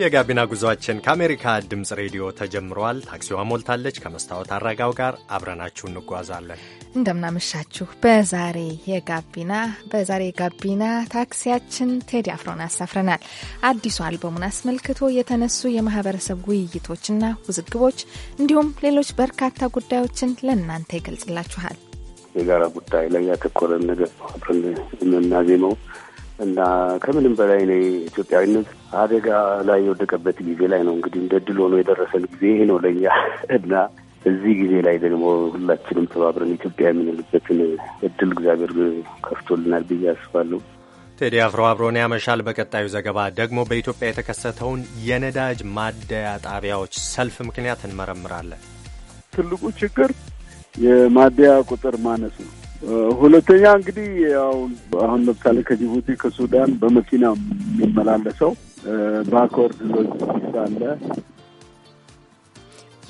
የጋቢና ጉዟችን ከአሜሪካ ድምፅ ሬዲዮ ተጀምሯል። ታክሲዋ ሞልታለች። ከመስታወት አረጋው ጋር አብረናችሁ እንጓዛለን። እንደምናመሻችሁ። በዛሬ የጋቢና በዛሬ የጋቢና ታክሲያችን ቴዲ አፍሮን አሳፍረናል። አዲሱ አልበሙን አስመልክቶ የተነሱ የማህበረሰብ ውይይቶችና ውዝግቦች እንዲሁም ሌሎች በርካታ ጉዳዮችን ለእናንተ ይገልጽላችኋል። የጋራ ጉዳይ ላይ ያተኮረን ነገር አብረን የምናዜመው እና ከምንም በላይ እኔ ኢትዮጵያዊነት አደጋ ላይ የወደቀበት ጊዜ ላይ ነው እንግዲህ እንደ ድል ሆኖ የደረሰን ጊዜ ይሄ ነው ለኛ እና እዚህ ጊዜ ላይ ደግሞ ሁላችንም ተባብረን ኢትዮጵያ የምንልበትን እድል እግዚአብሔር ከፍቶልናል ብዬ አስባለሁ። ቴዲ አፍሮ አብሮን ያመሻል። በቀጣዩ ዘገባ ደግሞ በኢትዮጵያ የተከሰተውን የነዳጅ ማደያ ጣቢያዎች ሰልፍ ምክንያት እንመረምራለን። ትልቁ ችግር የማደያ ቁጥር ማነስ ነው። ሁለተኛ እንግዲህ ያው አሁን ለምሳሌ ከጅቡቲ ከሱዳን በመኪና የሚመላለሰው በአኮርድ ሎጂስቲክስ አለ።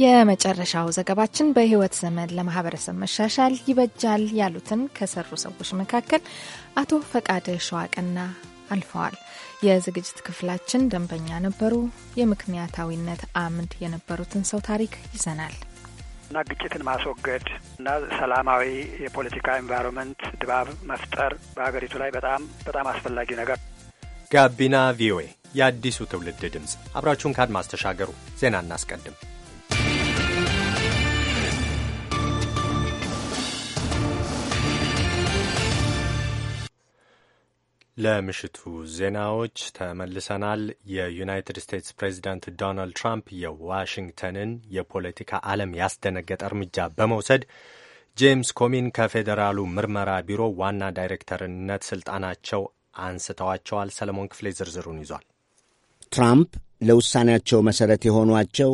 የመጨረሻው ዘገባችን በህይወት ዘመን ለማህበረሰብ መሻሻል ይበጃል ያሉትን ከሰሩ ሰዎች መካከል አቶ ፈቃደ ሸዋቅና አልፈዋል። የዝግጅት ክፍላችን ደንበኛ ነበሩ። የምክንያታዊነት አምድ የነበሩትን ሰው ታሪክ ይዘናል። እና ግጭትን ማስወገድ እና ሰላማዊ የፖለቲካ ኤንቫይሮንመንት ድባብ መፍጠር በሀገሪቱ ላይ በጣም በጣም አስፈላጊ ነገር። ጋቢና ቪኦኤ የአዲሱ ትውልድ ድምፅ፣ አብራችሁን ካድማስ ተሻገሩ። ዜና እናስቀድም። ለምሽቱ ዜናዎች ተመልሰናል። የዩናይትድ ስቴትስ ፕሬዚዳንት ዶናልድ ትራምፕ የዋሽንግተንን የፖለቲካ ዓለም ያስደነገጠ እርምጃ በመውሰድ ጄምስ ኮሚን ከፌዴራሉ ምርመራ ቢሮ ዋና ዳይሬክተርነት ስልጣናቸው አንስተዋቸዋል። ሰለሞን ክፍሌ ዝርዝሩን ይዟል። ትራምፕ ለውሳኔያቸው መሠረት የሆኗቸው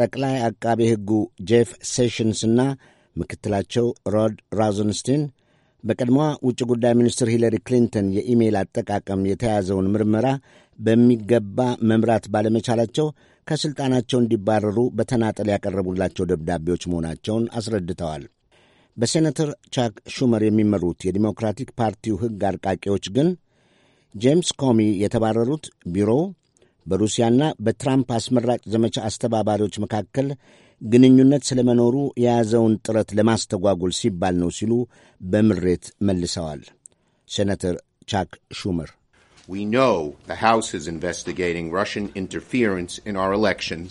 ጠቅላይ አቃቤ ሕጉ ጄፍ ሴሽንስ እና ምክትላቸው ሮድ ራዘንስቲን በቀድሞዋ ውጭ ጉዳይ ሚኒስትር ሂለሪ ክሊንተን የኢሜይል አጠቃቀም የተያዘውን ምርመራ በሚገባ መምራት ባለመቻላቸው ከሥልጣናቸው እንዲባረሩ በተናጠል ያቀረቡላቸው ደብዳቤዎች መሆናቸውን አስረድተዋል። በሴኔተር ቻክ ሹመር የሚመሩት የዲሞክራቲክ ፓርቲው ሕግ አርቃቂዎች ግን ጄምስ ኮሚ የተባረሩት ቢሮው በሩሲያና በትራምፕ አስመራጭ ዘመቻ አስተባባሪዎች መካከል ግንኙነት ስለመኖሩ የያዘውን ጥረት ለማስተጓጎል ሲባል ነው ሲሉ በምሬት መልሰዋል። ሴናተር ቻክ ሹመር We know the House is investigating Russian interference in our elections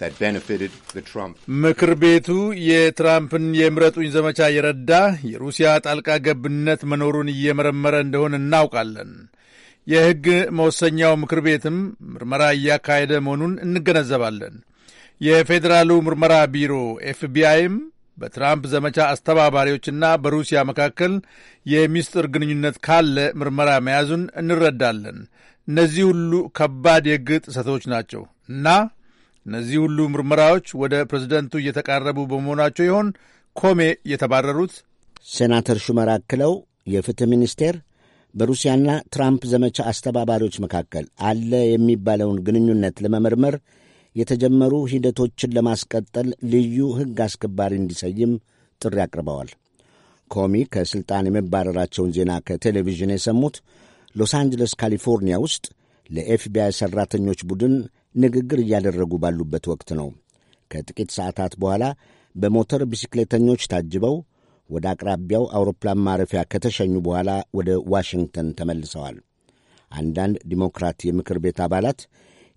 that benefited the Trump. ምክር ቤቱ የትራምፕን የምረጡኝ ዘመቻ የረዳ የሩሲያ ጣልቃ ገብነት መኖሩን እየመረመረ እንደሆነ እናውቃለን። የሕግ መወሰኛው ምክር ቤትም ምርመራ እያካሄደ መሆኑን እንገነዘባለን። የፌዴራሉ ምርመራ ቢሮ ኤፍቢአይም በትራምፕ ዘመቻ አስተባባሪዎችና በሩሲያ መካከል የሚስጥር ግንኙነት ካለ ምርመራ መያዙን እንረዳለን። እነዚህ ሁሉ ከባድ የሕግ ጥሰቶች ናቸው እና እነዚህ ሁሉ ምርመራዎች ወደ ፕሬዝደንቱ እየተቃረቡ በመሆናቸው ይሆን ኮሜ የተባረሩት? ሴናተር ሹመር አክለው የፍትህ ሚኒስቴር በሩሲያና ትራምፕ ዘመቻ አስተባባሪዎች መካከል አለ የሚባለውን ግንኙነት ለመመርመር የተጀመሩ ሂደቶችን ለማስቀጠል ልዩ ሕግ አስከባሪ እንዲሰይም ጥሪ አቅርበዋል። ኮሚ ከሥልጣን የመባረራቸውን ዜና ከቴሌቪዥን የሰሙት ሎስ አንጅለስ ካሊፎርኒያ ውስጥ ለኤፍቢአይ ሠራተኞች ቡድን ንግግር እያደረጉ ባሉበት ወቅት ነው። ከጥቂት ሰዓታት በኋላ በሞተር ቢስክሌተኞች ታጅበው ወደ አቅራቢያው አውሮፕላን ማረፊያ ከተሸኙ በኋላ ወደ ዋሽንግተን ተመልሰዋል። አንዳንድ ዲሞክራት የምክር ቤት አባላት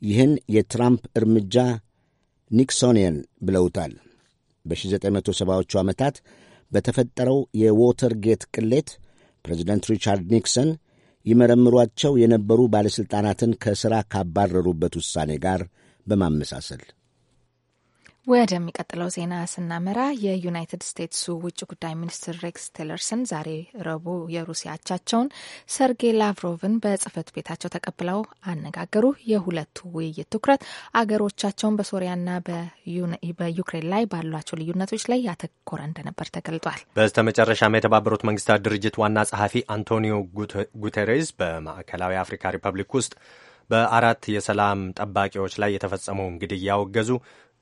ይህን የትራምፕ እርምጃ ኒክሶንየን ብለውታል። በ1970ዎቹ ዓመታት በተፈጠረው የዎተርጌት ቅሌት ፕሬዚደንት ሪቻርድ ኒክሰን ይመረምሯቸው የነበሩ ባለሥልጣናትን ከሥራ ካባረሩበት ውሳኔ ጋር በማመሳሰል ወደሚቀጥለው ዜና ስናመራ የዩናይትድ ስቴትሱ ውጭ ጉዳይ ሚኒስትር ሬክስ ቲለርሰን ዛሬ ረቡዕ የሩሲያ አቻቸውን ሰርጌይ ላቭሮቭን በጽህፈት ቤታቸው ተቀብለው አነጋገሩ። የሁለቱ ውይይት ትኩረት አገሮቻቸውን በሶሪያና በዩክሬን ላይ ባሏቸው ልዩነቶች ላይ ያተኮረ እንደነበር ተገልጧል። በስተ መጨረሻም የተባበሩት መንግስታት ድርጅት ዋና ጸሐፊ አንቶኒዮ ጉተሬዝ በማዕከላዊ አፍሪካ ሪፐብሊክ ውስጥ በአራት የሰላም ጠባቂዎች ላይ የተፈጸመውን ግድያ ያወገዙ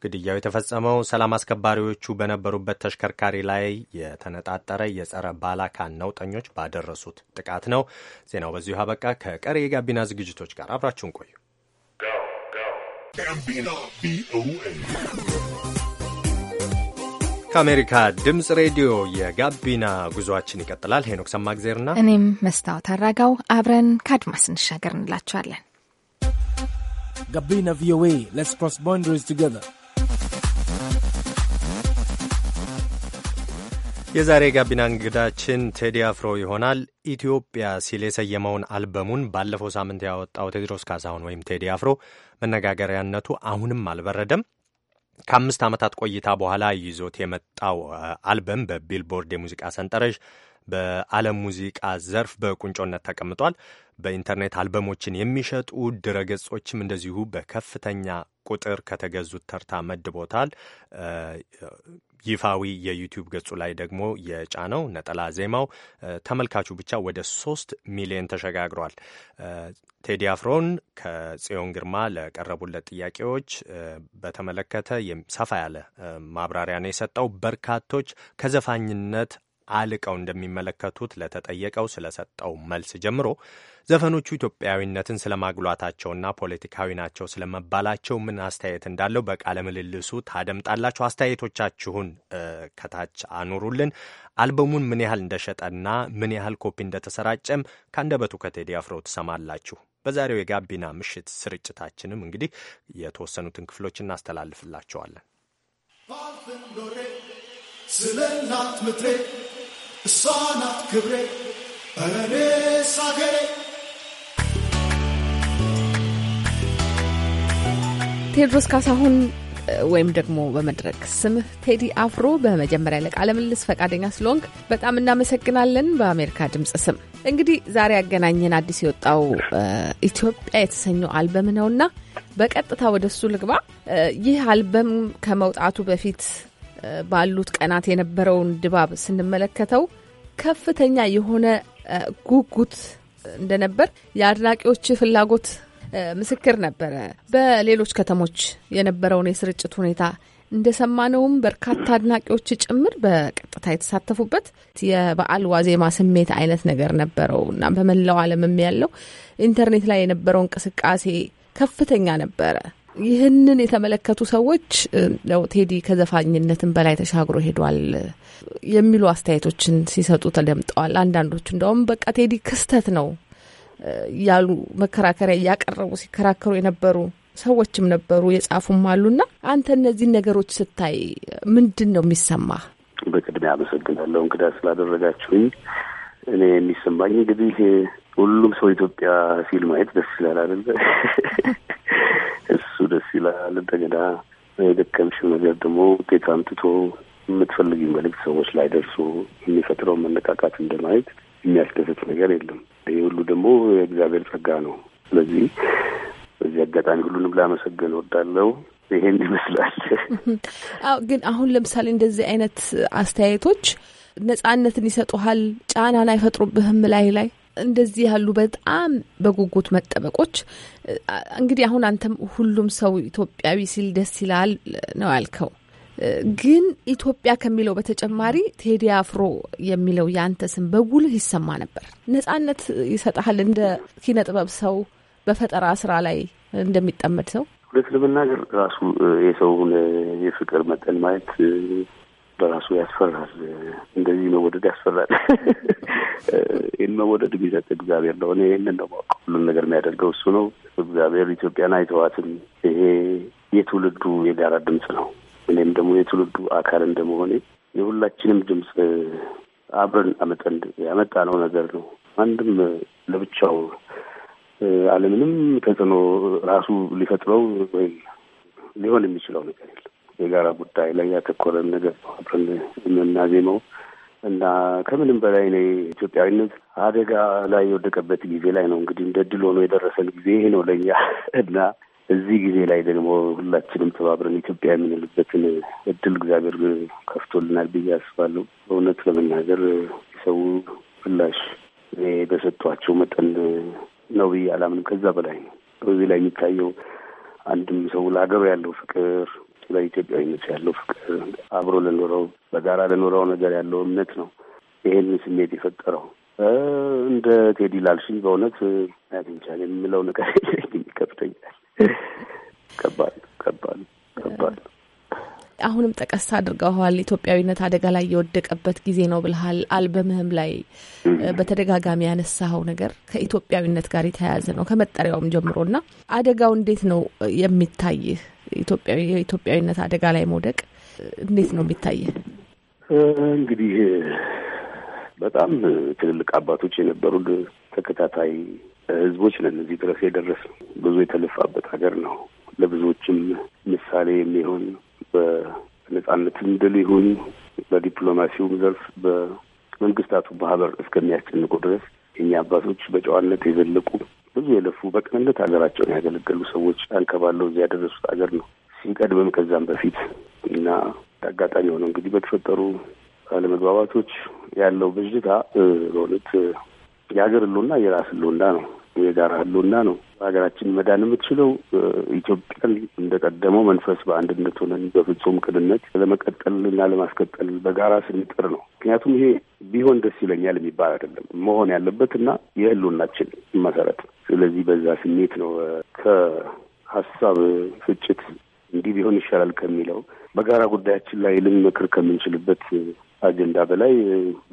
ግድያው የተፈጸመው ሰላም አስከባሪዎቹ በነበሩበት ተሽከርካሪ ላይ የተነጣጠረ የጸረ ባላካ ነውጠኞች ባደረሱት ጥቃት ነው። ዜናው በዚሁ አበቃ። ከቀሪ የጋቢና ዝግጅቶች ጋር አብራችሁን ቆዩ። ከአሜሪካ ድምፅ ሬዲዮ የጋቢና ጉዟችን ይቀጥላል። ሄኖክ ሰማግዜርና እኔም መስታወት አራጋው አብረን ከአድማስ እንሻገር እንላችኋለን። ጋቢና ቪኦኤ ስ ፕሮስ ባውንደሪስ ቱገር የዛሬ ጋቢና እንግዳችን ቴዲ አፍሮ ይሆናል። ኢትዮጵያ ሲል የሰየመውን አልበሙን ባለፈው ሳምንት ያወጣው ቴድሮስ ካሳሁን ወይም ቴዲ አፍሮ መነጋገሪያነቱ አሁንም አልበረደም። ከአምስት ዓመታት ቆይታ በኋላ ይዞት የመጣው አልበም በቢልቦርድ የሙዚቃ ሰንጠረዥ በዓለም ሙዚቃ ዘርፍ በቁንጮነት ተቀምጧል። በኢንተርኔት አልበሞችን የሚሸጡ ድረገጾችም እንደዚሁ በከፍተኛ ቁጥር ከተገዙት ተርታ መድቦታል። ይፋዊ የዩቲዩብ ገጹ ላይ ደግሞ የጫነው ነጠላ ዜማው ተመልካቹ ብቻ ወደ ሶስት ሚሊዮን ተሸጋግሯል። ቴዲ አፍሮን ከጽዮን ግርማ ለቀረቡለት ጥያቄዎች በተመለከተ ሰፋ ያለ ማብራሪያ ነው የሰጠው። በርካቶች ከዘፋኝነት አልቀው እንደሚመለከቱት ለተጠየቀው ስለሰጠው መልስ ጀምሮ ዘፈኖቹ ኢትዮጵያዊነትን ስለማጉሏታቸውና ፖለቲካዊ ናቸው ስለመባላቸው ምን አስተያየት እንዳለው በቃለ ምልልሱ ታደምጣላችሁ። አስተያየቶቻችሁን ከታች አኑሩልን። አልበሙን ምን ያህል እንደሸጠና ምን ያህል ኮፒ እንደተሰራጨም ከአንደበቱ ከቴዲ አፍሮ ትሰማላችሁ። በዛሬው የጋቢና ምሽት ስርጭታችንም እንግዲህ የተወሰኑትን ክፍሎች እናስተላልፍላቸዋለን። ስለ እናት ምትሬ እሷ ናት ክብሬ እኔስ አገሬ። ቴዎድሮስ ካሳሁን ወይም ደግሞ በመድረክ ስምህ ቴዲ አፍሮ፣ በመጀመሪያ ለቃለ ምልልስ ፈቃደኛ ስለሆንክ በጣም እናመሰግናለን። በአሜሪካ ድምፅ ስም እንግዲህ ዛሬ ያገናኘን አዲስ የወጣው ኢትዮጵያ የተሰኘው አልበም ነውና በቀጥታ ወደ እሱ ልግባ። ይህ አልበም ከመውጣቱ በፊት ባሉት ቀናት የነበረውን ድባብ ስንመለከተው ከፍተኛ የሆነ ጉጉት እንደነበር የአድናቂዎች ፍላጎት ምስክር ነበረ። በሌሎች ከተሞች የነበረውን የስርጭት ሁኔታ እንደሰማነውም በርካታ አድናቂዎች ጭምር በቀጥታ የተሳተፉበት የበዓል ዋዜማ ስሜት አይነት ነገር ነበረው እና በመላው ዓለምም ያለው ኢንተርኔት ላይ የነበረው እንቅስቃሴ ከፍተኛ ነበረ። ይህንን የተመለከቱ ሰዎች ቴዲ ከዘፋኝነትን በላይ ተሻግሮ ሄዷል የሚሉ አስተያየቶችን ሲሰጡ ተደምጠዋል። አንዳንዶች እንደውም በቃ ቴዲ ክስተት ነው ያሉ መከራከሪያ እያቀረቡ ሲከራከሩ የነበሩ ሰዎችም ነበሩ፣ የጻፉም አሉና አንተ እነዚህን ነገሮች ስታይ ምንድን ነው የሚሰማ? በቅድሚያ አመሰግናለሁ እንግዳ ስላደረጋችሁኝ። እኔ የሚሰማኝ እንግዲህ ሁሉም ሰው ኢትዮጵያ ሲል ማየት ደስ ይላል አይደለ? ደስ ይላል። እንደገና የደከምሽው ነገር ደግሞ ውጤት አምጥቶ የምትፈልጊ መልእክት ሰዎች ላይ ደርሶ የሚፈጥረው መነቃቃት እንደማየት የሚያስደስት ነገር የለም። ይህ ሁሉ ደግሞ የእግዚአብሔር ጸጋ ነው። ስለዚህ በዚህ አጋጣሚ ሁሉንም ላመሰገን ወዳለው ይሄን ይመስላል። አዎ፣ ግን አሁን ለምሳሌ እንደዚህ አይነት አስተያየቶች ነጻነትን ይሰጡሃል፣ ጫናን አይፈጥሩብህም ላይ ላይ እንደዚህ ያሉ በጣም በጉጉት መጠበቆች እንግዲህ አሁን አንተም ሁሉም ሰው ኢትዮጵያዊ ሲል ደስ ይላል ነው ያልከው። ግን ኢትዮጵያ ከሚለው በተጨማሪ ቴዲ አፍሮ የሚለው የአንተ ስም በጉልህ ይሰማ ነበር። ነጻነት ይሰጣል እንደ ኪነ ጥበብ ሰው በፈጠራ ስራ ላይ እንደሚጠመድ ሰው። እውነት ለመናገር ራሱ የሰውን የፍቅር መጠን ማየት በራሱ ያስፈራል። እንደዚህ መወደድ ያስፈራል። ይህን መወደድ የሚሰጥ እግዚአብሔር ነው። እኔ ይህንን ነው ሁሉን ነገር የሚያደርገው እሱ ነው። እግዚአብሔር ኢትዮጵያን አይተዋትም። ይሄ የትውልዱ የጋራ ድምፅ ነው። እኔም ደግሞ የትውልዱ አካል እንደመሆኔ የሁላችንም ድምፅ አብረን አመጠን ያመጣነው ነገር ነው። አንድም ለብቻው አለምንም ተጽዕኖ ራሱ ሊፈጥረው ወይም ሊሆን የሚችለው ነገር የለም። የጋራ ጉዳይ ላይ ያተኮረን ነገር አብረን የምናዜመው እና ከምንም በላይ እኔ ኢትዮጵያዊነት አደጋ ላይ የወደቀበት ጊዜ ላይ ነው እንግዲህ እንደ ድል ሆኖ የደረሰን ጊዜ ይሄ ነው ለኛ እና እዚህ ጊዜ ላይ ደግሞ ሁላችንም ተባብረን ኢትዮጵያ የምንልበትን እድል እግዚአብሔር ከፍቶልናል ብዬ አስባለሁ። በእውነት ለመናገር የሰው ምላሽ እኔ በሰጧቸው መጠን ነው ብዬ አላምንም። ከዛ በላይ ነው። በዚህ ላይ የሚታየው አንድም ሰው ለሀገሩ ያለው ፍቅር ለኢትዮጵያዊነት ያለው ፍቅር፣ አብሮ ለኖረው በጋራ ለኖረው ነገር ያለው እምነት ነው ይሄንን ስሜት የፈጠረው። እንደ ቴዲ ላልሽኝ በእውነት አግኝቻል የምለው ነገር ይከብደኛል። ከባድ ከባድ ከባድ አሁንም ጠቀስ አድርገዋል። ኢትዮጵያዊነት አደጋ ላይ የወደቀበት ጊዜ ነው ብልሃል። አልበምህም ላይ በተደጋጋሚ ያነሳኸው ነገር ከኢትዮጵያዊነት ጋር የተያያዘ ነው ከመጠሪያውም ጀምሮና አደጋው እንዴት ነው የሚታይህ? የኢትዮጵያዊነት አደጋ ላይ መውደቅ እንዴት ነው የሚታየ? እንግዲህ በጣም ትልልቅ አባቶች የነበሩን ተከታታይ ህዝቦች ነን። እዚህ ድረስ የደረስ ነው። ብዙ የተለፋበት ሀገር ነው። ለብዙዎችም ምሳሌ የሚሆን በነጻነትም ድል ይሁን በዲፕሎማሲውም ዘርፍ በመንግስታቱ በሀበር እስከሚያስጨንቁ ድረስ የኛ አባቶች በጨዋነት የዘለቁ ብዙ የለፉ በቅንነት ሀገራቸውን ያገለገሉ ሰዎች አንከባለው እዚህ ያደረሱት ሀገር ነው ሲቀድምም ከዛም በፊት እና አጋጣሚ ሆነው እንግዲህ በተፈጠሩ አለመግባባቶች ያለው ብዥታ በእውነት የሀገር ህልውና የራስ ህልውና ነው፣ የጋራ ህልውና ነው። በሀገራችን መዳን የምትችለው ኢትዮጵያን እንደቀደመው መንፈስ በአንድነት ሆነን በፍጹም ቅንነት ለመቀጠል እና ለማስቀጠል በጋራ ስንጥር ነው። ምክንያቱም ይሄ ቢሆን ደስ ይለኛል የሚባል አይደለም መሆን ያለበት እና የህልውናችን መሰረት። ስለዚህ በዛ ስሜት ነው ከሀሳብ ፍጭት እንዲህ ቢሆን ይሻላል ከሚለው በጋራ ጉዳያችን ላይ ልንመክር ከምንችልበት አጀንዳ በላይ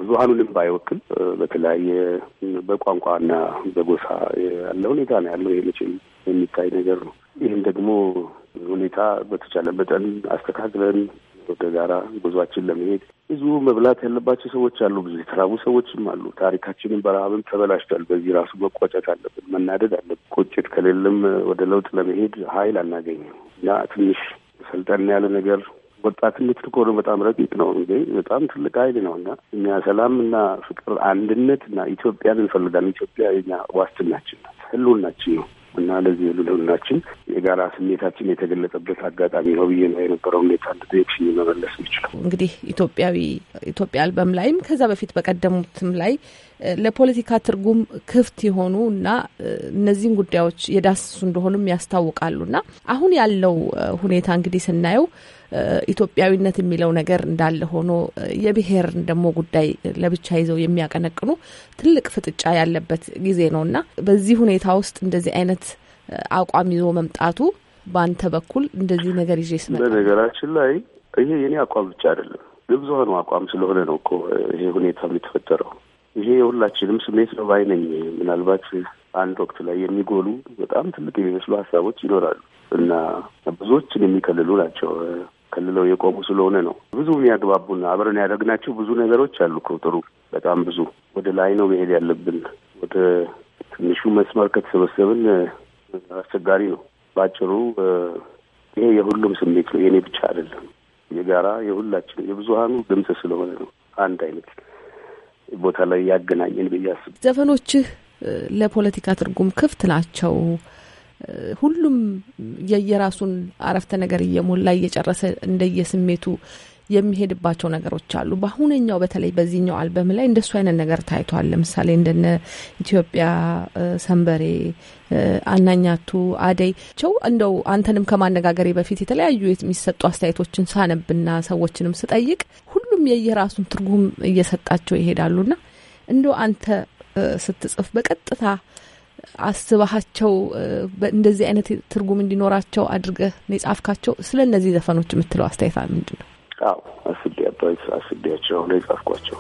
ብዙሀኑንም ባይወክል በተለያየ በቋንቋና በጎሳ ያለ ሁኔታ ነው ያለው። ይህ መቼም የሚታይ ነገር ነው። ይህም ደግሞ ሁኔታ በተቻለ መጠን አስተካክለን ወደ ጋራ ጉዟችን ለመሄድ ብዙ መብላት ያለባቸው ሰዎች አሉ። ብዙ የተራቡ ሰዎችም አሉ። ታሪካችንን በረሃብም ተበላሽቷል። በዚህ ራሱ መቆጨት አለብን፣ መናደድ አለብን። ቁጭት ከሌለም ወደ ለውጥ ለመሄድ ኃይል አናገኝም እና ትንሽ ሰልጠን ያለ ነገር ወጣትነት ከሆነ በጣም ረቂቅ ነው እንዴ! በጣም ትልቅ ኃይል ነው እና እኛ ሰላም እና ፍቅር፣ አንድነት እና ኢትዮጵያን እንፈልጋለን። ኢትዮጵያ የኛ ዋስትናችን ናት፣ ህልውናችን ነው እና ለዚህ ህልውናችን የጋራ ስሜታችን የተገለጠበት አጋጣሚ ነው ብዬ ነው የነበረው ሁኔታ ንዴክሽን መመለስ የሚችለው እንግዲህ ኢትዮጵያዊ ኢትዮጵያ አልበም ላይም ከዛ በፊት በቀደሙትም ላይ ለፖለቲካ ትርጉም ክፍት የሆኑ እና እነዚህን ጉዳዮች የዳሰሱ እንደሆኑም ያስታውቃሉ እና አሁን ያለው ሁኔታ እንግዲህ ስናየው ኢትዮጵያዊነት የሚለው ነገር እንዳለ ሆኖ የብሄር ደግሞ ጉዳይ ለብቻ ይዘው የሚያቀነቅኑ ትልቅ ፍጥጫ ያለበት ጊዜ ነው እና በዚህ ሁኔታ ውስጥ እንደዚህ አይነት አቋም ይዞ መምጣቱ በአንተ በኩል እንደዚህ ነገር ይዤ ስመጣ በነገራችን ላይ ይሄ የኔ አቋም ብቻ አይደለም፣ የብዙሀኑ አቋም ስለሆነ ነው እኮ ይሄ ሁኔታ የተፈጠረው። ይሄ የሁላችንም ስሜት ነው ባይነኝ። ምናልባት አንድ ወቅት ላይ የሚጎሉ በጣም ትልቅ የሚመስሉ ሀሳቦች ይኖራሉ እና ብዙዎችን የሚከልሉ ናቸው። ከልለው የቆሙ ስለሆነ ነው። ብዙ የሚያግባቡን አብረን ያደረግናቸው ብዙ ነገሮች አሉ። ከውጥሩ በጣም ብዙ ወደ ላይ ነው መሄድ ያለብን። ወደ ትንሹ መስመር ከተሰበሰብን አስቸጋሪ ነው። በአጭሩ ይሄ የሁሉም ስሜት ነው፣ የኔ ብቻ አይደለም። የጋራ የሁላችን የብዙሀኑ ድምፅ ስለሆነ ነው አንድ አይነት ቦታ ላይ ያገናኘን ብዬ አስብ። ዘፈኖችህ ለፖለቲካ ትርጉም ክፍት ናቸው። ሁሉም የየራሱን አረፍተ ነገር እየሞላ እየጨረሰ እንደየስሜቱ የሚሄድባቸው ነገሮች አሉ። በአሁነኛው በተለይ በዚህኛው አልበም ላይ እንደሱ አይነት ነገር ታይቷል። ለምሳሌ እንደነ ኢትዮጵያ ሰንበሬ፣ አናኛቱ፣ አደይ ቸው እንደው አንተንም ከማነጋገሬ በፊት የተለያዩ የሚሰጡ አስተያየቶችን ሳነብና ሰዎችንም ስጠይቅ ሁሉም የየራሱን ትርጉም እየሰጣቸው ይሄዳሉና እንደው አንተ ስትጽፍ በቀጥታ አስባቸው እንደዚህ አይነት ትርጉም እንዲኖራቸው አድርገህ ነው የጻፍካቸው? ስለ እነዚህ ዘፈኖች የምትለው አስተያየት ምንድን ነው? አዎ አስቤያቸው ነው የጻፍኳቸው።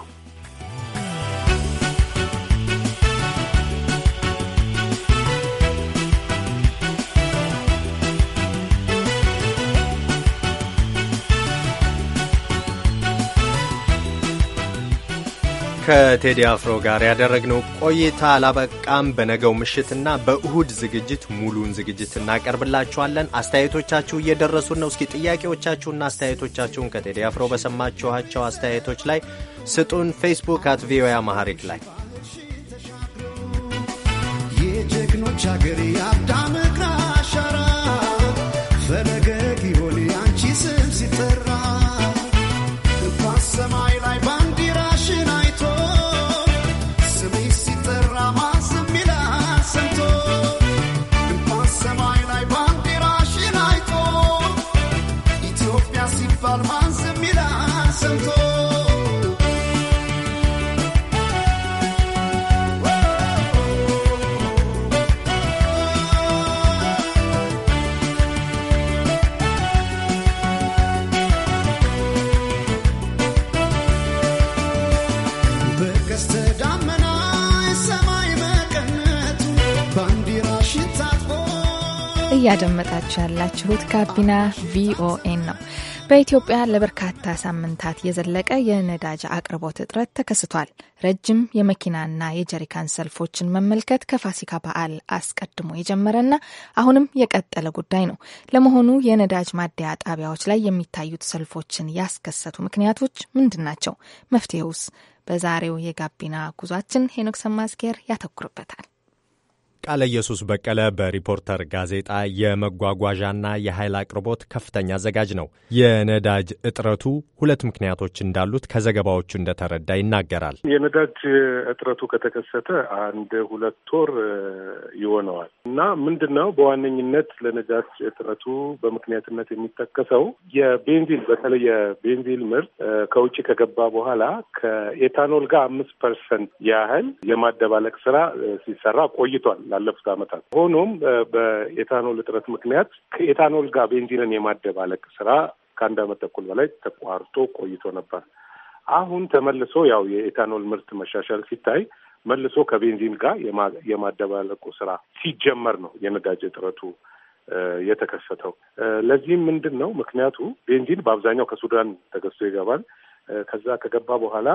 ከቴዲ አፍሮ ጋር ያደረግነው ቆይታ አላበቃም። በነገው ምሽትና በእሁድ ዝግጅት ሙሉን ዝግጅት እናቀርብላችኋለን። አስተያየቶቻችሁ እየደረሱን ነው። እስኪ ጥያቄዎቻችሁና አስተያየቶቻችሁን ከቴዲ አፍሮ በሰማችኋቸው አስተያየቶች ላይ ስጡን። ፌስቡክ አት ቪኦኤ አማሃሪክ ላይ የጀግኖች አገሬ ጋቢና ቪኦኤን ነው። በኢትዮጵያ ለበርካታ ሳምንታት የዘለቀ የነዳጅ አቅርቦት እጥረት ተከስቷል። ረጅም የመኪናና የጀሪካን ሰልፎችን መመልከት ከፋሲካ በዓል አስቀድሞ የጀመረና አሁንም የቀጠለ ጉዳይ ነው። ለመሆኑ የነዳጅ ማደያ ጣቢያዎች ላይ የሚታዩት ሰልፎችን ያስከሰቱ ምክንያቶች ምንድን ናቸው? መፍትሄውስ? በዛሬው የጋቢና ጉዟችን ሄኖክ ሰማዝጌር ያተኩርበታል። ቃለ ኢየሱስ በቀለ በሪፖርተር ጋዜጣ የመጓጓዣና የኃይል አቅርቦት ከፍተኛ አዘጋጅ ነው። የነዳጅ እጥረቱ ሁለት ምክንያቶች እንዳሉት ከዘገባዎቹ እንደተረዳ ይናገራል። የነዳጅ እጥረቱ ከተከሰተ አንድ ሁለት ወር ይሆነዋል እና ምንድን ነው በዋነኝነት ለነዳጅ እጥረቱ በምክንያትነት የሚጠቀሰው የቤንዚን በተለይ የቤንዚን ምርት ከውጭ ከገባ በኋላ ከኤታኖል ጋር አምስት ፐርሰንት ያህል የማደባለቅ ስራ ሲሰራ ቆይቷል። ላለፉት ዓመታት። ሆኖም በኤታኖል እጥረት ምክንያት ከኤታኖል ጋር ቤንዚንን የማደባለቅ ስራ ከአንድ አመት ተኩል በላይ ተቋርጦ ቆይቶ ነበር። አሁን ተመልሶ ያው የኤታኖል ምርት መሻሻል ሲታይ መልሶ ከቤንዚን ጋር የማደባለቁ ስራ ሲጀመር ነው የነዳጅ እጥረቱ የተከሰተው። ለዚህም ምንድን ነው ምክንያቱ? ቤንዚን በአብዛኛው ከሱዳን ተገዝቶ ይገባል። ከዛ ከገባ በኋላ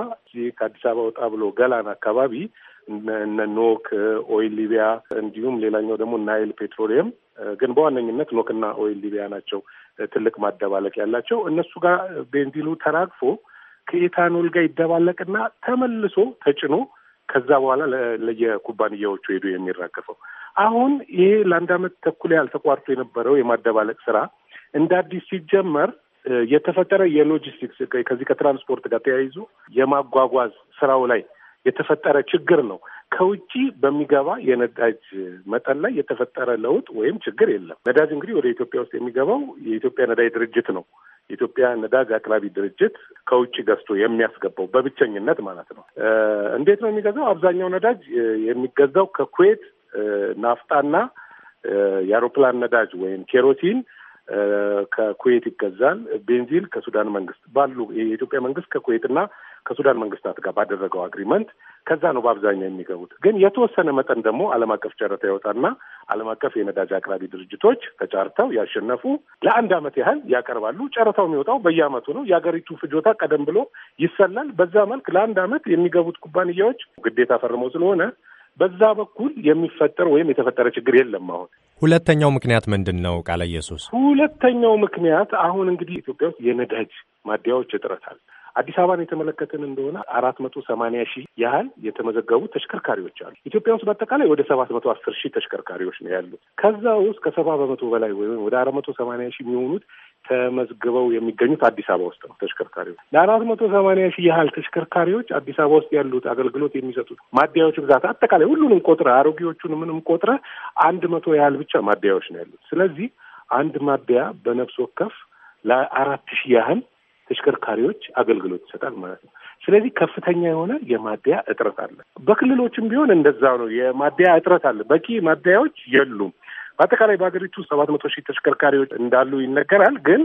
ከአዲስ አበባ ወጣ ብሎ ገላን አካባቢ እነ ኖክ ኦይል ሊቢያ እንዲሁም ሌላኛው ደግሞ ናይል ፔትሮሊየም ግን በዋነኝነት ኖክና ኦይል ሊቢያ ናቸው ትልቅ ማደባለቅ ያላቸው። እነሱ ጋር ቤንዚሉ ተራግፎ ከኤታኖል ጋር ይደባለቅና ተመልሶ ተጭኖ ከዛ በኋላ ለየኩባንያዎቹ ሄዶ የሚራገፈው አሁን ይሄ ለአንድ አመት ተኩል ያህል ተቋርጦ የነበረው የማደባለቅ ስራ እንደ አዲስ ሲጀመር የተፈጠረ የሎጂስቲክስ ከዚህ ከትራንስፖርት ጋር ተያይዞ የማጓጓዝ ስራው ላይ የተፈጠረ ችግር ነው። ከውጭ በሚገባ የነዳጅ መጠን ላይ የተፈጠረ ለውጥ ወይም ችግር የለም። ነዳጅ እንግዲህ ወደ ኢትዮጵያ ውስጥ የሚገባው የኢትዮጵያ ነዳጅ ድርጅት ነው። የኢትዮጵያ ነዳጅ አቅራቢ ድርጅት ከውጭ ገዝቶ የሚያስገባው በብቸኝነት ማለት ነው። እንዴት ነው የሚገዛው? አብዛኛው ነዳጅ የሚገዛው ከኩዌት ናፍጣና የአውሮፕላን ነዳጅ ወይም ኬሮሲን ከኩዌት ይገዛል። ቤንዚል ከሱዳን መንግስት ባሉ የኢትዮጵያ መንግስት ከኩዌትና ከሱዳን መንግስታት ጋር ባደረገው አግሪመንት ከዛ ነው በአብዛኛው የሚገቡት። ግን የተወሰነ መጠን ደግሞ ዓለም አቀፍ ጨረታ ይወጣና ዓለም አቀፍ የነዳጅ አቅራቢ ድርጅቶች ተጫርተው ያሸነፉ ለአንድ ዓመት ያህል ያቀርባሉ። ጨረታው የሚወጣው በየዓመቱ ነው። የሀገሪቱ ፍጆታ ቀደም ብሎ ይሰላል። በዛ መልክ ለአንድ ዓመት የሚገቡት ኩባንያዎች ግዴታ ፈርመው ስለሆነ በዛ በኩል የሚፈጠር ወይም የተፈጠረ ችግር የለም። አሁን ሁለተኛው ምክንያት ምንድን ነው? ቃለ ኢየሱስ፣ ሁለተኛው ምክንያት አሁን እንግዲህ ኢትዮጵያ ውስጥ የነዳጅ ማደያዎች እጥረት አለ። አዲስ አበባን የተመለከትን እንደሆነ አራት መቶ ሰማኒያ ሺህ ያህል የተመዘገቡ ተሽከርካሪዎች አሉ። ኢትዮጵያ ውስጥ በአጠቃላይ ወደ ሰባት መቶ አስር ሺህ ተሽከርካሪዎች ነው ያሉት። ከዛ ውስጥ ከሰባ በመቶ በላይ ወይም ወደ አራት መቶ ሰማኒያ ሺህ የሚሆኑት ተመዝግበው የሚገኙት አዲስ አበባ ውስጥ ነው። ተሽከርካሪዎች ለአራት መቶ ሰማኒያ ሺህ ያህል ተሽከርካሪዎች አዲስ አበባ ውስጥ ያሉት አገልግሎት የሚሰጡት ማደያዎች ብዛት አጠቃላይ ሁሉንም ቆጥረ አሮጌዎቹን ምንም ቆጥረ አንድ መቶ ያህል ብቻ ማደያዎች ነው ያሉት። ስለዚህ አንድ ማደያ በነፍስ ወከፍ ለአራት ሺህ ያህል ተሽከርካሪዎች አገልግሎት ይሰጣል ማለት ነው። ስለዚህ ከፍተኛ የሆነ የማደያ እጥረት አለ። በክልሎችም ቢሆን እንደዛ ነው። የማደያ እጥረት አለ። በቂ ማደያዎች የሉም። በአጠቃላይ በሀገሪቱ ሰባት መቶ ሺህ ተሽከርካሪዎች እንዳሉ ይነገራል ግን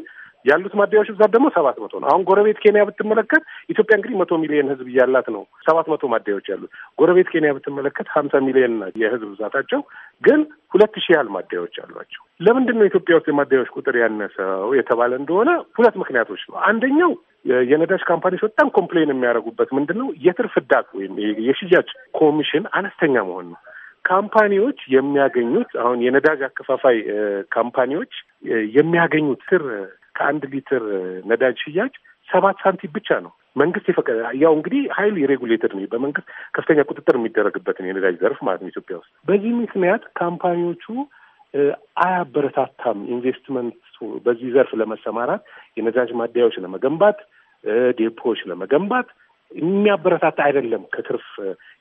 ያሉት ማደያዎች ብዛት ደግሞ ሰባት መቶ ነው። አሁን ጎረቤት ኬንያ ብትመለከት ኢትዮጵያ እንግዲህ መቶ ሚሊዮን ህዝብ እያላት ነው ሰባት መቶ ማደያዎች ያሉት። ጎረቤት ኬንያ ብትመለከት ሀምሳ ሚሊዮን የህዝብ ብዛታቸው ግን ሁለት ሺህ ያህል ማደያዎች አሏቸው። ለምንድን ነው ኢትዮጵያ ውስጥ የማደያዎች ቁጥር ያነሰው የተባለ እንደሆነ ሁለት ምክንያቶች ነው። አንደኛው የነዳጅ ካምፓኒዎች በጣም ኮምፕሌን የሚያደርጉበት ምንድን ነው የትርፍ ዳቅ ወይም የሽያጭ ኮሚሽን አነስተኛ መሆን ነው። ካምፓኒዎች የሚያገኙት አሁን የነዳጅ አከፋፋይ ካምፓኒዎች የሚያገኙት ስር ከአንድ ሊትር ነዳጅ ሽያጭ ሰባት ሳንቲም ብቻ ነው መንግስት የፈቀደ። ያው እንግዲህ ሀይል የሬጉሌተር ነው በመንግስት ከፍተኛ ቁጥጥር የሚደረግበትን የነዳጅ ዘርፍ ማለት ነው ኢትዮጵያ ውስጥ። በዚህ ምክንያት ካምፓኒዎቹ አያበረታታም ኢንቨስትመንት በዚህ ዘርፍ ለመሰማራት የነዳጅ ማደያዎች ለመገንባት፣ ዴፖዎች ለመገንባት የሚያበረታታ አይደለም ከትርፍ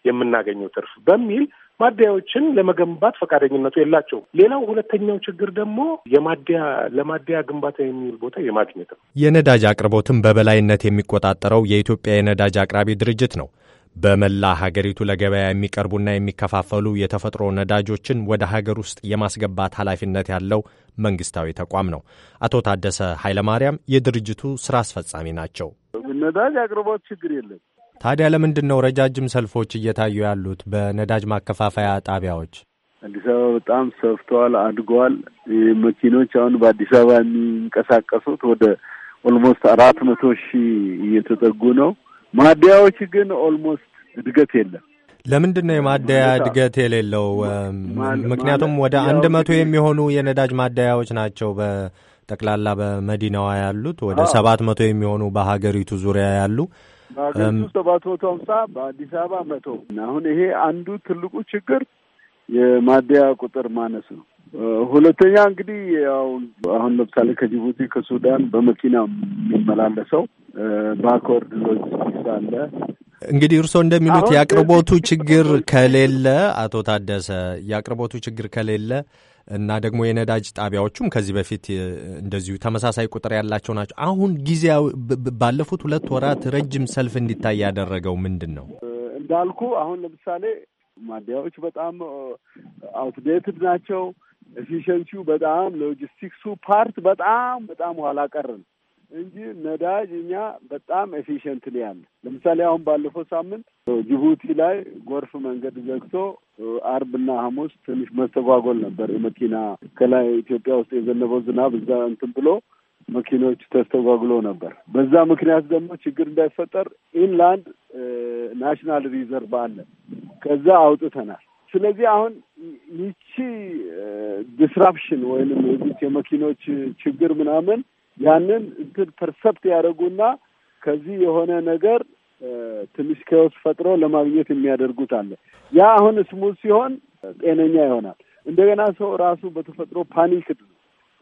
የምናገኘው ትርፍ በሚል ማደያዎችን ለመገንባት ፈቃደኝነቱ የላቸውም። ሌላው ሁለተኛው ችግር ደግሞ የማደያ ለማደያ ግንባታ የሚውል ቦታ የማግኘት ነው። የነዳጅ አቅርቦትን በበላይነት የሚቆጣጠረው የኢትዮጵያ የነዳጅ አቅራቢ ድርጅት ነው። በመላ ሀገሪቱ ለገበያ የሚቀርቡና የሚከፋፈሉ የተፈጥሮ ነዳጆችን ወደ ሀገር ውስጥ የማስገባት ኃላፊነት ያለው መንግስታዊ ተቋም ነው። አቶ ታደሰ ኃይለማርያም የድርጅቱ ስራ አስፈጻሚ ናቸው። ነዳጅ አቅርቦት ችግር የለም። ታዲያ ለምንድን ነው ረጃጅም ሰልፎች እየታዩ ያሉት በነዳጅ ማከፋፈያ ጣቢያዎች? አዲስ አበባ በጣም ሰፍተዋል፣ አድገዋል። መኪኖች አሁን በአዲስ አበባ የሚንቀሳቀሱት ወደ ኦልሞስት አራት መቶ ሺህ እየተጠጉ ነው። ማደያዎች ግን ኦልሞስት እድገት የለም። ለምንድን ነው የማደያ እድገት የሌለው? ምክንያቱም ወደ አንድ መቶ የሚሆኑ የነዳጅ ማደያዎች ናቸው በጠቅላላ በመዲናዋ ያሉት ወደ ሰባት መቶ የሚሆኑ በሀገሪቱ ዙሪያ ያሉ በሀገሪቱ ሰባት መቶ ሀምሳ በአዲስ አበባ መቶ አሁን ይሄ አንዱ ትልቁ ችግር የማደያ ቁጥር ማነስ ነው። ሁለተኛ እንግዲህ ያው አሁን ለምሳሌ ከጅቡቲ ከሱዳን በመኪና የሚመላለሰው በአኮርድ ሎጂስቲክስ አለ። እንግዲህ እርስዎ እንደሚሉት የአቅርቦቱ ችግር ከሌለ አቶ ታደሰ የአቅርቦቱ ችግር ከሌለ እና ደግሞ የነዳጅ ጣቢያዎቹም ከዚህ በፊት እንደዚሁ ተመሳሳይ ቁጥር ያላቸው ናቸው። አሁን ጊዜያዊ ባለፉት ሁለት ወራት ረጅም ሰልፍ እንዲታይ ያደረገው ምንድን ነው? እንዳልኩ አሁን ለምሳሌ ማደያዎች በጣም አውትዴትድ ናቸው። ኤፊሽንሲው በጣም ሎጂስቲክሱ ፓርት በጣም በጣም ኋላ ቀርን እንጂ ነዳጅ እኛ በጣም ኤፊሽንትሊ ያለ ለምሳሌ አሁን ባለፈው ሳምንት ጅቡቲ ላይ ጎርፍ መንገድ ዘግቶ አርብና ሐሙስ ትንሽ መስተጓጎል ነበር። የመኪና ከላይ ኢትዮጵያ ውስጥ የዘነበው ዝናብ እዛ እንትን ብሎ መኪኖች ተስተጓጉሎ ነበር። በዛ ምክንያት ደግሞ ችግር እንዳይፈጠር ኢንላንድ ናሽናል ሪዘርቭ አለ። ከዛ አውጥተናል። ስለዚህ አሁን ይቺ ዲስራፕሽን ወይንም የመኪኖች ችግር ምናምን ያንን እንትን ፐርሰፕት ያደረጉና ከዚህ የሆነ ነገር ትንሽ ኬዎስ ፈጥሮ ለማግኘት የሚያደርጉት አለ። ያ አሁን ስሙዝ ሲሆን ጤነኛ ይሆናል። እንደገና ሰው ራሱ በተፈጥሮ ፓኒክ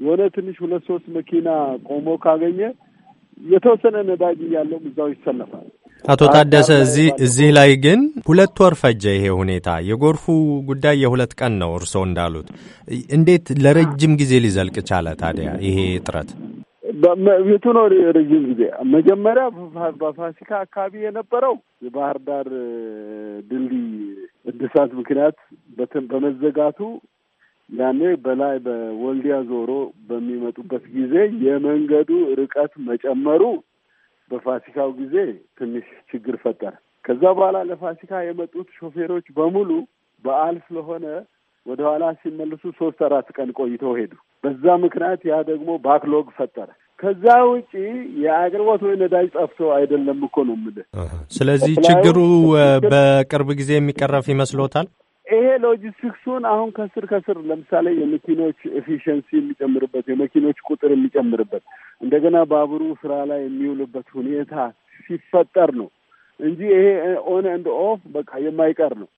የሆነ ትንሽ ሁለት ሶስት መኪና ቆሞ ካገኘ የተወሰነ ነዳጅ እያለውም እዛው ይሰለፋል። አቶ ታደሰ እዚህ እዚህ ላይ ግን ሁለት ወር ፈጀ ይሄ ሁኔታ። የጎርፉ ጉዳይ የሁለት ቀን ነው። እርስዎ እንዳሉት እንዴት ለረጅም ጊዜ ሊዘልቅ ቻለ ታዲያ ይሄ ጥረት? የቱ ነው ረዥም ጊዜ መጀመሪያ በፋሲካ አካባቢ የነበረው የባህር ዳር ድልድይ እድሳት ምክንያት በመዘጋቱ ያኔ በላይ በወልዲያ ዞሮ በሚመጡበት ጊዜ የመንገዱ ርቀት መጨመሩ በፋሲካው ጊዜ ትንሽ ችግር ፈጠረ። ከዛ በኋላ ለፋሲካ የመጡት ሾፌሮች በሙሉ በዓል ስለሆነ ወደኋላ ሲመልሱ ሶስት አራት ቀን ቆይተው ሄዱ። በዛ ምክንያት ያ ደግሞ ባክሎግ ፈጠረ። ከዛ ውጪ የአቅርቦት ወይ ነዳጅ ጠፍቶ አይደለም እኮ ነው የምልህ። ስለዚህ ችግሩ በቅርብ ጊዜ የሚቀረፍ ይመስሎታል? ይሄ ሎጂስቲክሱን አሁን ከስር ከስር ለምሳሌ የመኪኖች ኤፊሽንሲ የሚጨምርበት የመኪኖች ቁጥር የሚጨምርበት እንደገና ባቡሩ ስራ ላይ የሚውልበት ሁኔታ ሲፈጠር ነው እንጂ ይሄ ኦን ኤንድ ኦፍ በቃ የማይቀር ነው።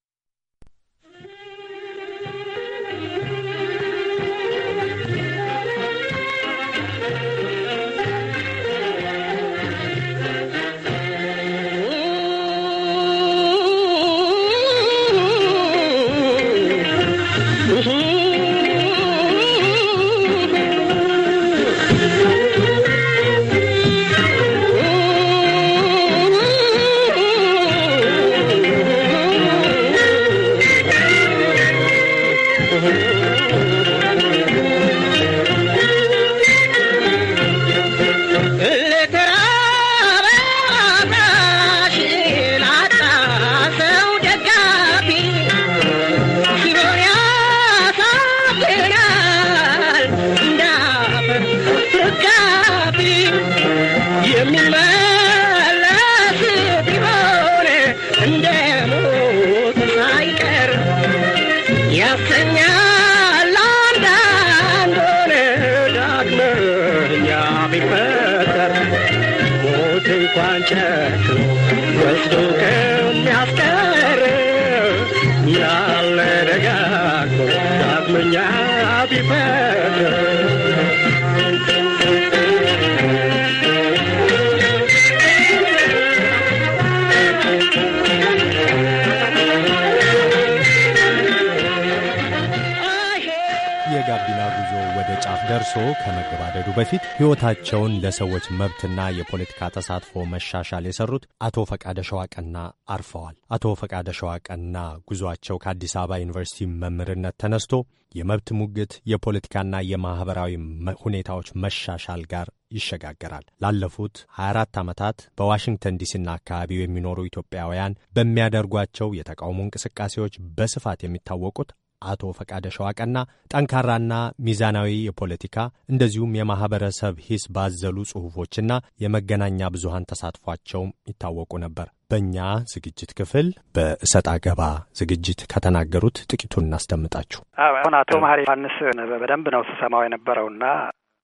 ደርሶ ከመገባደዱ በፊት ሕይወታቸውን ለሰዎች መብትና የፖለቲካ ተሳትፎ መሻሻል የሰሩት አቶ ፈቃደ ሸዋቀና አርፈዋል። አቶ ፈቃደ ሸዋቀና ጉዟቸው ከአዲስ አበባ ዩኒቨርሲቲ መምህርነት ተነስቶ የመብት ሙግት፣ የፖለቲካና የማኅበራዊ ሁኔታዎች መሻሻል ጋር ይሸጋገራል። ላለፉት 24 ዓመታት በዋሽንግተን ዲሲና አካባቢው የሚኖሩ ኢትዮጵያውያን በሚያደርጓቸው የተቃውሞ እንቅስቃሴዎች በስፋት የሚታወቁት አቶ ፈቃደ ሸዋቀና ጠንካራና ሚዛናዊ የፖለቲካ እንደዚሁም የማኅበረሰብ ሂስ ባዘሉ ጽሑፎችና የመገናኛ ብዙሃን ተሳትፏቸውም ይታወቁ ነበር። በእኛ ዝግጅት ክፍል በእሰጥ አገባ ዝግጅት ከተናገሩት ጥቂቱን እናስደምጣችሁ። አሁን አቶ መሀሪ ዮሐንስ በደንብ ነው ስሰማው የነበረውና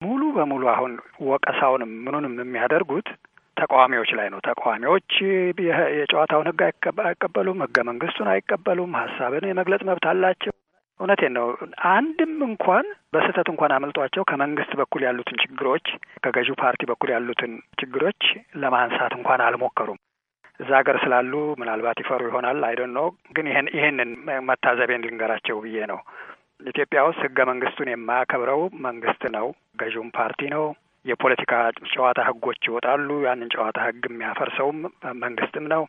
ሙሉ በሙሉ አሁን ወቀሳውንም ምኑንም የሚያደርጉት ተቃዋሚዎች ላይ ነው። ተቃዋሚዎች የጨዋታውን ህግ አይቀበሉም፣ ህገ መንግስቱን አይቀበሉም፣ ሀሳብን የመግለጽ መብት አላቸው። እውነቴን ነው። አንድም እንኳን በስህተት እንኳን አመልጧቸው ከመንግስት በኩል ያሉትን ችግሮች ከገዢው ፓርቲ በኩል ያሉትን ችግሮች ለማንሳት እንኳን አልሞከሩም። እዛ ሀገር ስላሉ ምናልባት ይፈሩ ይሆናል አይደን ነው። ግን ይህን ይህንን መታዘቤን ልንገራቸው ብዬ ነው። ኢትዮጵያ ውስጥ ህገ መንግስቱን የማያከብረው መንግስት ነው፣ ገዥውም ፓርቲ ነው። የፖለቲካ ጨዋታ ህጎች ይወጣሉ። ያንን ጨዋታ ህግ የሚያፈርሰውም መንግስትም ነው።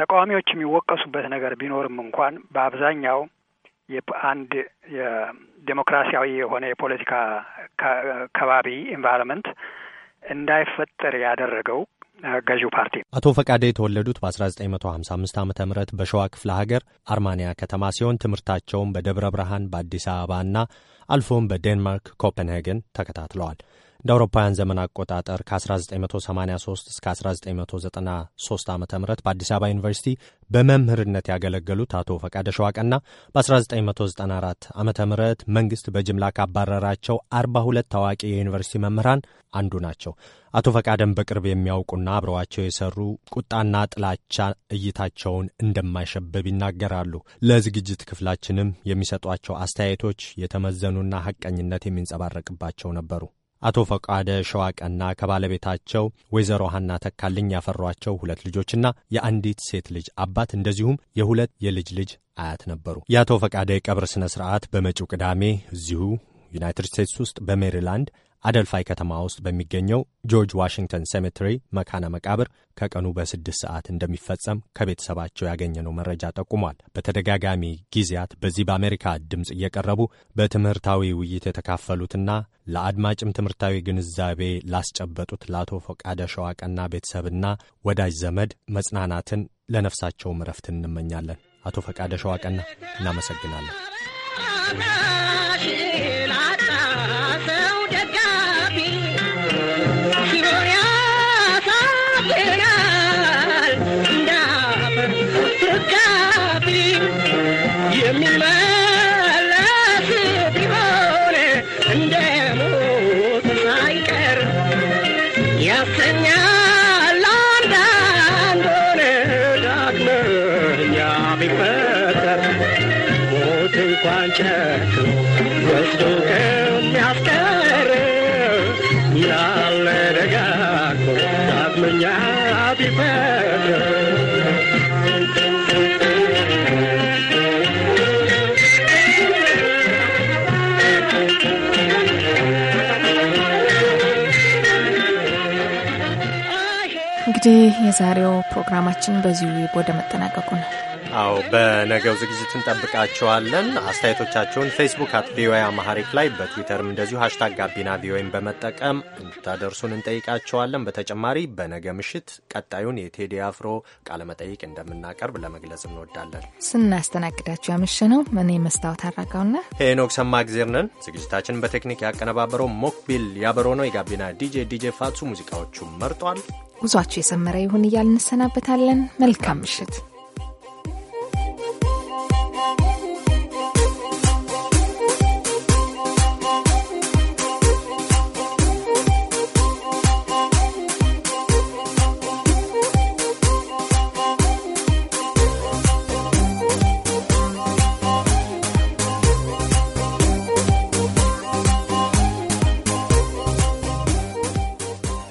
ተቃዋሚዎች የሚወቀሱበት ነገር ቢኖርም እንኳን በአብዛኛው አንድ ዴሞክራሲያዊ የሆነ የፖለቲካ ከባቢ ኢንቫይሮንመንት እንዳይፈጠር ያደረገው ገዢው ፓርቲ አቶ ፈቃደ የተወለዱት በ1955 ዓ ም በሸዋ ክፍለ ሀገር አርማንያ ከተማ ሲሆን ትምህርታቸውን በደብረ ብርሃን በአዲስ አበባና አልፎም በዴንማርክ ኮፐንሄገን ተከታትለዋል። እንደ አውሮፓውያን ዘመን አቆጣጠር ከ1983 እስከ 1993 ዓ ም በአዲስ አበባ ዩኒቨርሲቲ በመምህርነት ያገለገሉት አቶ ፈቃደ ሸዋቀና በ1994 ዓ ም መንግሥት በጅምላ ካባረራቸው 42 ታዋቂ የዩኒቨርሲቲ መምህራን አንዱ ናቸው። አቶ ፈቃደን በቅርብ የሚያውቁና አብረዋቸው የሰሩ ቁጣና ጥላቻ እይታቸውን እንደማይሸበብ ይናገራሉ። ለዝግጅት ክፍላችንም የሚሰጧቸው አስተያየቶች የተመዘኑና ሐቀኝነት የሚንጸባረቅባቸው ነበሩ። አቶ ፈቃደ ሸዋቀና ከባለቤታቸው ወይዘሮ ሀና ተካልኝ ያፈሯቸው ሁለት ልጆችና የአንዲት ሴት ልጅ አባት እንደዚሁም የሁለት የልጅ ልጅ አያት ነበሩ። የአቶ ፈቃደ የቀብር ስነ ስርዓት በመጪው ቅዳሜ እዚሁ ዩናይትድ ስቴትስ ውስጥ በሜሪላንድ አደልፋይ ከተማ ውስጥ በሚገኘው ጆርጅ ዋሽንግተን ሴሜትሪ መካነ መቃብር ከቀኑ በስድስት ሰዓት እንደሚፈጸም ከቤተሰባቸው ያገኘነው መረጃ ጠቁሟል። በተደጋጋሚ ጊዜያት በዚህ በአሜሪካ ድምፅ እየቀረቡ በትምህርታዊ ውይይት የተካፈሉትና ለአድማጭም ትምህርታዊ ግንዛቤ ላስጨበጡት ለአቶ ፈቃደ ሸዋቀና ቤተሰብና ወዳጅ ዘመድ መጽናናትን ለነፍሳቸውም እረፍት እንመኛለን። አቶ ፈቃደ ሸዋቀና እናመሰግናለን። mi mano. እንግዲህ የዛሬው ፕሮግራማችን በዚሁ ወደ መጠናቀቁ ነው። አዎ በነገው ዝግጅት እንጠብቃችኋለን። አስተያየቶቻችሁን ፌስቡክ አት ቪኦኤ አማሐሪክ ላይ በትዊተርም እንደዚሁ ሀሽታግ ጋቢና ቪኦኤን በመጠቀም እንድታደርሱን እንጠይቃችኋለን። በተጨማሪ በነገ ምሽት ቀጣዩን የቴዲ አፍሮ ቃለመጠይቅ እንደምናቀርብ ለመግለጽ እንወዳለን። ስናስተናግዳችሁ ያመሸ ነው እኔ መስታወት አራጋውና ሄኖክ ሰማ ጊዜር ነን። ዝግጅታችንን በቴክኒክ ያቀነባበረው ሞክቢል ያበሮ ነው። የጋቢና ዲጄ ዲጄ ፋቱ ሙዚቃዎቹ መርጧል። ጉዟቸው የሰመረ ይሁን እያል እንሰናበታለን። መልካም ምሽት።